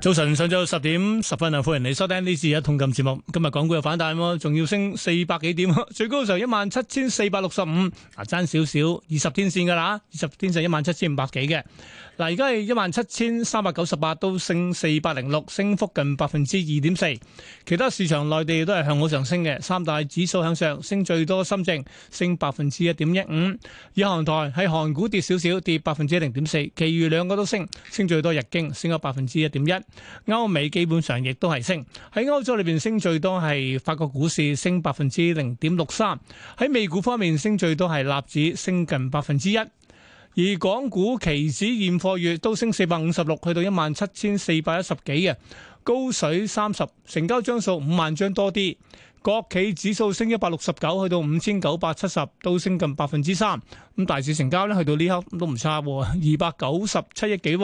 早晨，上晝十點十分啊，歡迎嚟收聽呢次一通金節目。今日港股又反彈咯，仲要升四百幾點，最高嘅時候一萬七千四百六十五，啊，爭少少二十天線㗎喇，二十天線一萬七千五百幾嘅。嗱，而家係一萬七千三百九十八，都升四百零六，升幅近百分之二點四。其他市場，內地都係向好上升嘅，三大指數向上，升最多深證升百分之一點一五，日韓台係韓股跌少少，跌百分之零點四，其餘兩個都升，升最多日經升咗百分之一點一。歐美基本上亦都係升，喺歐洲裏邊升最多係法國股市升百分之零點六三，喺美股方面升最多係納指升近百分之一，而港股期指現貨月都升四百五十六，去到一萬七千四百一十幾啊，高水三十，成交張數五萬張多啲，國企指數升一百六十九，去到五千九百七十，都升近百分之三，咁大市成交呢，去到呢刻都唔差，二百九十七億幾。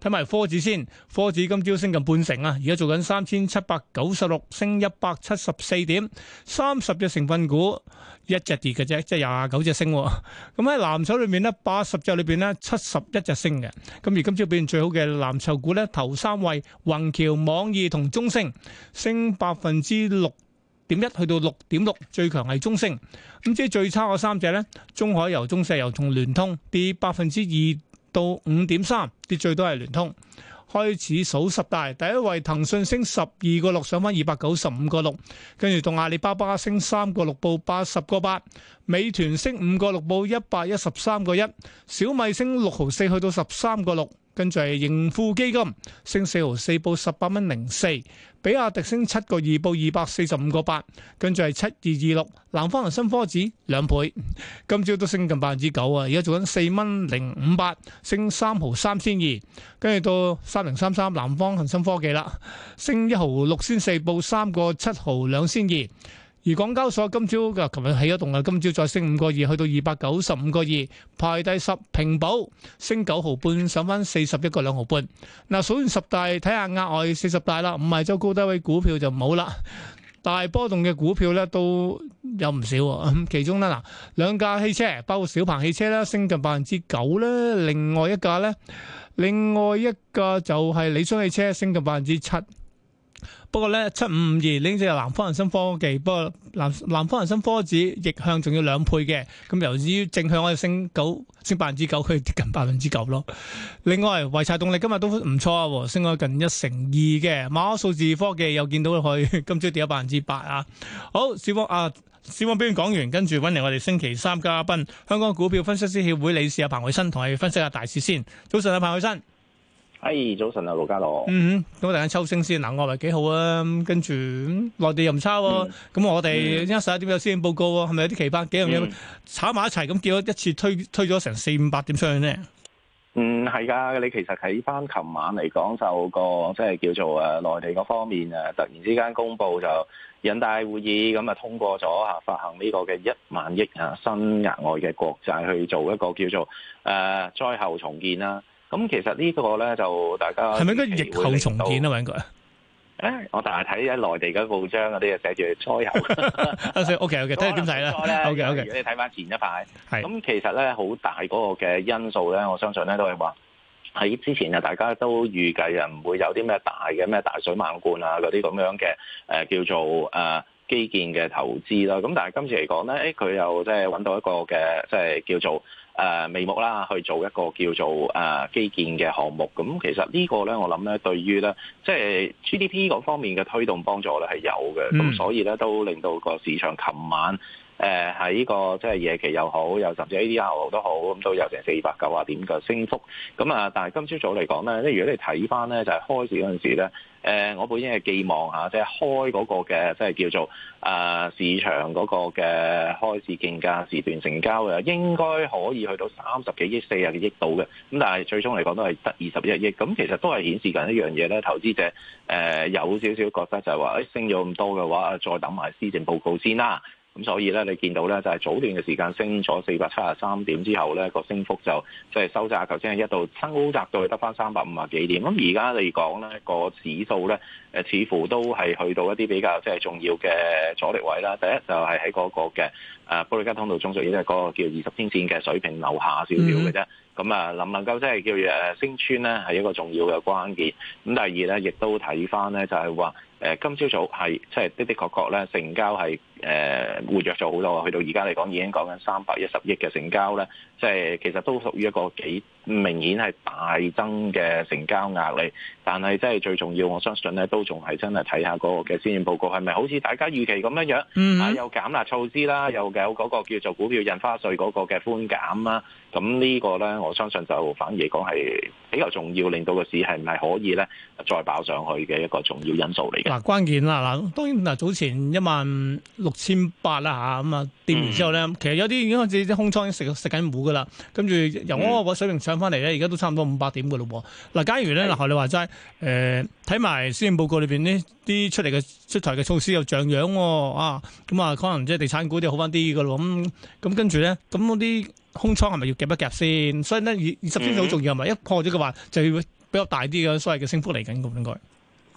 睇埋科指先，科指今朝升近半成啊！而家做緊三千七百九十六，升一百七十四點，三十隻成分股一隻跌嘅啫，即係廿九隻升。咁喺藍籌裏面呢，八十隻裏邊呢，七十一隻升嘅。咁而今朝表現最好嘅藍籌股呢，頭三位宏橋網易同中升，升百分之六點一，去到六點六。最強係中升。咁即係最差嗰三隻呢，中海油、中石油同聯通，跌百分之二。到五點三，跌最多係聯通。開始數十大，第一位騰訊升十二個六，上返二百九十五個六，跟住同阿里巴巴升三個六，報八十個八。美團升五個六，報一百一十三個一。小米升六毫四，去到十三個六。跟住係盈富基金升四毫四，報十八蚊零四，比亞迪升七個二，報二百四十五個八。跟住係七二二六，南方恒生科指兩倍，今朝都升近百分之九啊！而家做緊四蚊零五八，升三毫三仙二。跟住到三零三三，南方恒生科技啦，升一毫六仙四，報三個七毫兩仙二。而港交所今朝嘅琴日起咗動啊，今朝再升五個二，去到二百九十五個二，排第十平保升九毫半，上返四十一個兩毫半。嗱，數完十大睇下額外四十大啦，唔係周高低位股票就冇啦。大波動嘅股票咧都有唔少、嗯，其中咧嗱，兩架汽車包括小鵬汽車啦，升近百分之九咧；另外一架咧，另外一個就係理想汽車，升近百分之七。不過咧，七五五二呢隻係南方恒生科技，不過南南方恒生科指逆向仲要兩倍嘅，咁由於正向我哋升九升百分之九，佢跌近百分之九咯。另外維柴動力今日都唔錯，升咗近一成二嘅，馬科數字科技又見到佢今朝跌咗百分之八啊。好，小方啊，小方邊講完，跟住揾嚟我哋星期三嘉賓香港股票分析師協會理事阿彭偉新同我哋分析下大市先。早上，阿彭偉新。哎，hey, 早晨盧、嗯、啊，盧家樂。嗯咁我哋間抽升先，嗱，我咪幾好啊，跟住內地又唔差，咁我哋一十一點有先報告喎，係咪有啲奇葩幾、嗯、樣嘢炒埋一齊咁，叫一次推推咗成四五百點出去呢？嗯、mm,，係噶，你其實睇翻琴晚嚟講就個即係叫做誒內地嗰方面誒突然之間公布就人大會議咁啊通過咗吓發行呢個嘅一萬億吓新額外嘅國債去做一個叫做誒、呃、災後重建啦。咁其實呢個咧就大家係咪應該逆後重建咧？揾個誒，我大日睇喺內地嘅報章嗰啲啊，寫住初有。O K O K，都係點睇咧？O K O K，你睇翻前一排，係咁 Okay, okay. 其實咧好大嗰個嘅因素咧，我相信咧都係話喺之前啊，大家都預計啊唔會有啲咩大嘅咩大水漫灌啊嗰啲咁樣嘅誒叫做誒基建嘅投資啦。咁但係今次嚟講咧，誒佢又即係揾到一個嘅即係叫做。誒、呃，眉目啦，去做一個叫做誒、呃、基建嘅項目，咁其實個呢個咧，我諗咧，對於咧，即係 GDP 嗰方面嘅推動幫助咧係有嘅，咁所以咧都令到個市場琴晚。誒喺個即係夜期又好，又甚至 ADR 都好，咁都有成四百九啊點嘅升幅。咁啊，但係今朝早嚟講咧，即係如果你睇翻咧，就係、是開，就是、開市嗰陣時咧，誒我本身係寄望下，即係開嗰個嘅，即係叫做啊市場嗰個嘅開市競價時段成交嘅，應該可以去到三十幾億、四十幾億度嘅。咁但係最終嚟講都係得二十一億。咁其實都係顯示緊一樣嘢咧，投資者誒有少少覺得就係話，誒、哎、升咗咁多嘅話，再等埋施政報告先啦。咁所以咧，你見到咧就係早段嘅時間升咗四百七十三點之後咧，個升幅就即係收窄，頭先係一度收窄到去得翻三百五啊幾點。咁而家嚟講咧，個指數咧誒，似乎都係去到一啲比較即係重要嘅阻力位啦。第一就係喺嗰個嘅誒保歷加通道中，所以都係嗰個叫二十天線嘅水平樓下少少嘅啫。咁啊、嗯，能唔能夠即係叫做誒升穿咧，係一個重要嘅關鍵。咁第二咧，亦都睇翻咧，就係話誒今朝早係即係的的確確咧，成交係誒、呃、活躍咗好多，去到而家嚟講已經講緊三百一十億嘅成交咧，即、就、係、是、其實都屬於一個幾。明顯係大增嘅成交壓力，但係真係最重要，我相信咧都仲係真係睇下嗰個嘅先驗報告係咪好似大家預期咁樣樣，嗯哼、啊，又減辣措施啦，又有嗰個叫做股票印花稅嗰個嘅寬減啦，咁呢個咧我相信就反而講係比較重要，令到個市係咪可以咧再爆上去嘅一個重要因素嚟嘅。嗱、啊，關鍵啦，嗱，當然嗱，早前一萬六千八啦吓，咁啊跌完之後咧，嗯、其實有啲已經開始啲空倉食食緊冇噶啦，跟住由我個水平上上、嗯。上翻嚟咧，而家都差唔多五百點嘅咯喎。嗱、啊，假如咧，嗱是的，你話齋，誒，睇埋施政報告裏邊呢啲出嚟嘅出台嘅措施又像樣喎、哦，啊，咁啊，可能即係地產股啲好翻啲嘅咯。咁、嗯，咁、啊、跟住咧，咁嗰啲空倉係咪要夾一夾先？所以咧，二二十天就好重要，係咪、嗯哼？係咪一破咗嘅話，就要比較大啲嘅所謂嘅升幅嚟緊嘅，應該。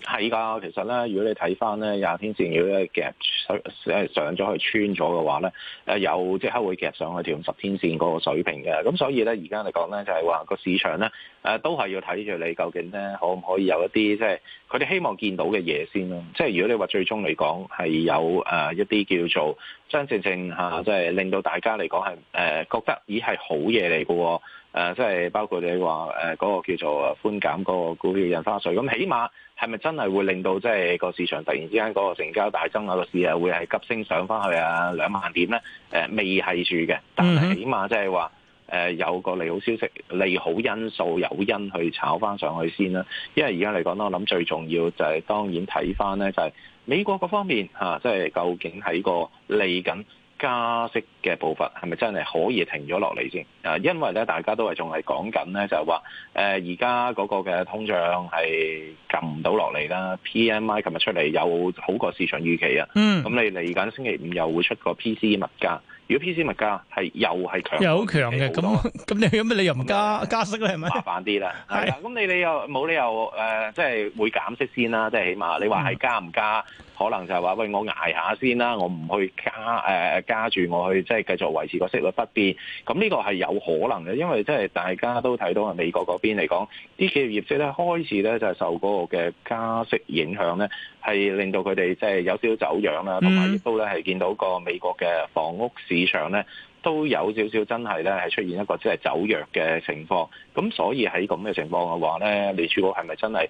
係噶，其實咧，如果你睇翻咧廿天線，如果係夾上咗去穿咗嘅話咧，誒又即刻會夾上去條十天線嗰個水平嘅。咁所以咧，而家嚟講咧，就係話個市場咧，誒都係要睇住你究竟咧可唔可以有一啲即係佢哋希望見到嘅嘢先咯。即係如果你話最終嚟講係有誒一啲叫做真正正嚇，即係令到大家嚟講係誒覺得咦係好嘢嚟嘅喎。誒，即係包括你話誒嗰個叫做寬減嗰個股票印花稅，咁起碼係咪真係會令到即係個市場突然之間嗰個成交大增啊？個市啊會係急升上翻去啊兩萬點咧？誒未係住嘅，但係起碼即係話誒有個利好消息、利好因素有因去炒翻上去先啦。因為而家嚟講咧，我諗最重要就係當然睇翻咧，就係美國嗰方面嚇，即係究竟喺個利緊。加息嘅步伐係咪真係可以停咗落嚟先？啊，因為咧大家都係仲係講緊咧，就係話誒，而家嗰個嘅通脹係撳唔到落嚟啦。PMI 琴日出嚟又好過市場預期啊。嗯，咁你嚟緊星期五又會出個 PC 物價。如果 P C 物價係又係強，又好強嘅，咁咁你咁咩你又唔加加息咧？係咪麻煩啲啦？係啦的，咁你你又冇理由誒、呃，即係會減息先啦。即係起碼你話係加唔加，嗯、可能就係話喂我捱下先啦，我唔去加誒、呃、加住，我去即係繼續維持個息率不變。咁呢個係有可能嘅，因為即係大家都睇到啊，美國嗰邊嚟講，啲企業業績咧開始咧就係受嗰個嘅加息影響咧。係令到佢哋即係有少少走揚啦，同埋亦都咧係見到個美國嘅房屋市場咧都有少少真係咧係出現一個即係走弱嘅情況。咁所以喺咁嘅情況嘅話咧，你處長係咪真係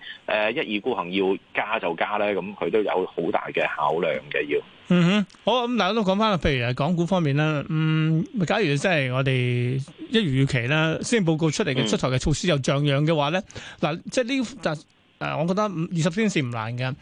誒一意孤行要加就加咧？咁佢都有好大嘅考量嘅要。嗯哼，好咁大家都講翻啦，譬如係港股方面啦，嗯，假如即係我哋一如預期啦，先報告出嚟嘅出台嘅措施又像樣嘅話咧，嗱、嗯，即係呢但誒，我覺得二十天線唔難嘅。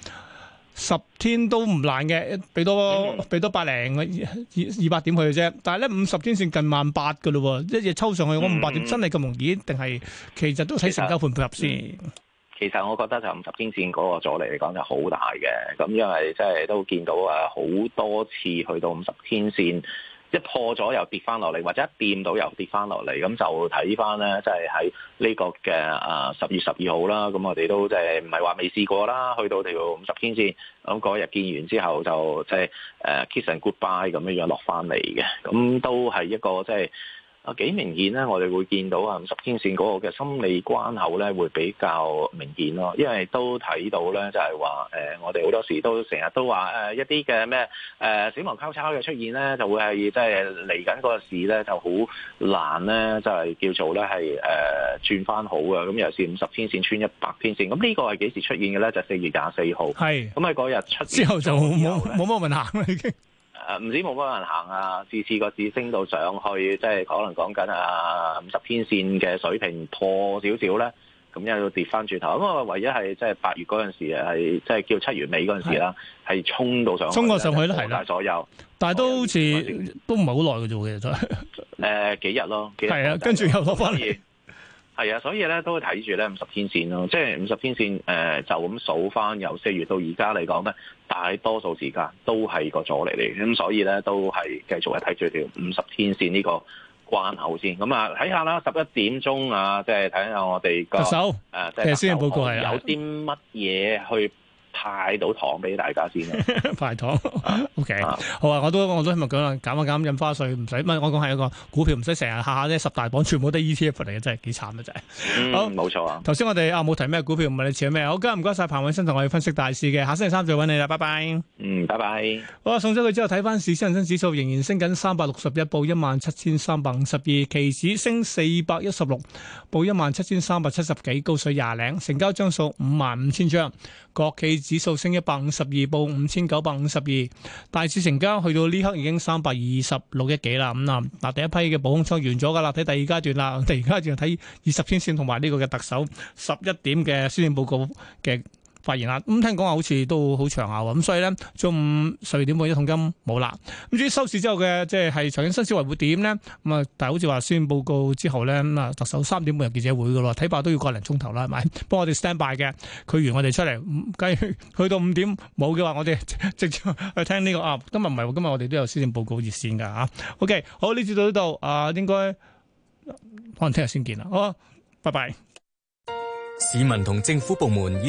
十天都唔難嘅，俾多俾、mm hmm. 多百零二二百點去嘅啫。但係咧五十天線近萬八㗎咯，一日抽上去我五百點真係咁容易定係？其實都睇成交配唔配合先、嗯。其實我覺得就五十天線嗰個阻力嚟講就好大嘅，咁因為真係都見到啊好多次去到五十天線。一破咗又跌翻落嚟，或者一掂到又跌翻落嚟，咁就睇翻咧，即係喺呢個嘅啊十月十二號啦，咁我哋都即係唔係話未試過啦，去到條五十天線咁嗰日見完之後就即係誒 kiss and goodbye 咁樣樣落翻嚟嘅，咁都係一個即係。就是啊，幾明顯咧！我哋會見到啊，五十天線嗰個嘅心理關口咧，會比較明顯咯。因為都睇到咧，就係話誒，我哋好多時都成日都話誒、呃，一啲嘅咩誒死亡交叉嘅出現咧，就會係即係嚟緊嗰個市咧就好難咧，就係、就是、叫做咧係誒轉翻好嘅。咁尤其係五十天線穿一百天線，咁呢個係幾時出現嘅咧？就四、是、月廿四號，係咁喺嗰日出之後,後就冇冇乜問題啦，已經。 誒唔止冇乜人行啊，次次個市升到上去，即係可能講緊啊五十天線嘅水平破少少咧，咁又跌翻轉頭。咁我唯一係即係八月嗰陣時係即係叫七月尾嗰陣時啦，係、啊、衝到上，衝過上去啦，係啦，左右，但係都好似、嗯、都唔係好耐嘅啫，其實都係誒幾日咯，幾日係 啊，跟住又落翻嚟。係啊，所以咧都睇住咧五十天線，咯，即係五十天線誒、呃，就咁數翻由四月到而家嚟講咧，大多數時間都係個阻力嚟嘅。咁所以咧都係繼續係睇住條五十天線呢個關口先。咁啊，睇下啦，十一點鐘啊，即係睇下我哋特首誒，呃、即係先入報告係啊，有啲乜嘢去？派到糖俾大家先，派糖。 O、okay. K、啊、好啊，我都我都希望講下減一減印花稅，唔使。唔係我講係一個股票，唔使成日下下啲十大榜全部都係 E T F 嚟嘅，真係幾慘啊！真係。嗯，冇好錯啊。頭先我哋啊冇提咩股票，唔問你似咩？好，今日唔該晒。彭偉新同我哋分析大市嘅，下星期三再揾你啦，拜拜。嗯，拜拜。好啊，送咗去之後睇翻市，恆生指數仍然升緊三百六十一，報一萬七千三百五十二，期指升四百一十六，報一萬七千三百七十幾，高水廿零，成交張數五萬五千張，國企。指數升一百五十二，報五千九百五十二。大市成交去到呢刻已經三百二十六億幾啦。咁啊，嗱第一批嘅補空倉完咗噶啦，睇第二階段啦。我哋而家仲睇二十天線同埋呢個嘅特首十一點嘅施政報告嘅。發現啦，咁聽講話好似都好長流啊，咁所以咧，中午十二點半一桶金冇啦。咁至於收市之後嘅，即係係財經新思維會點咧？咁啊，但係好似話施政報告之後咧啊，特首三點半有記者會噶咯，睇怕都要個零鐘頭啦，係咪？幫我哋 stand by 嘅，佢完我哋出嚟，跟住去到五點冇嘅話，我哋直接去聽呢、這個啊。今日唔係，今日我哋都有施政報告熱線噶啊。OK，好，呢次到呢度啊，應該可能聽日先見啦。好，拜拜。市民同政府部門。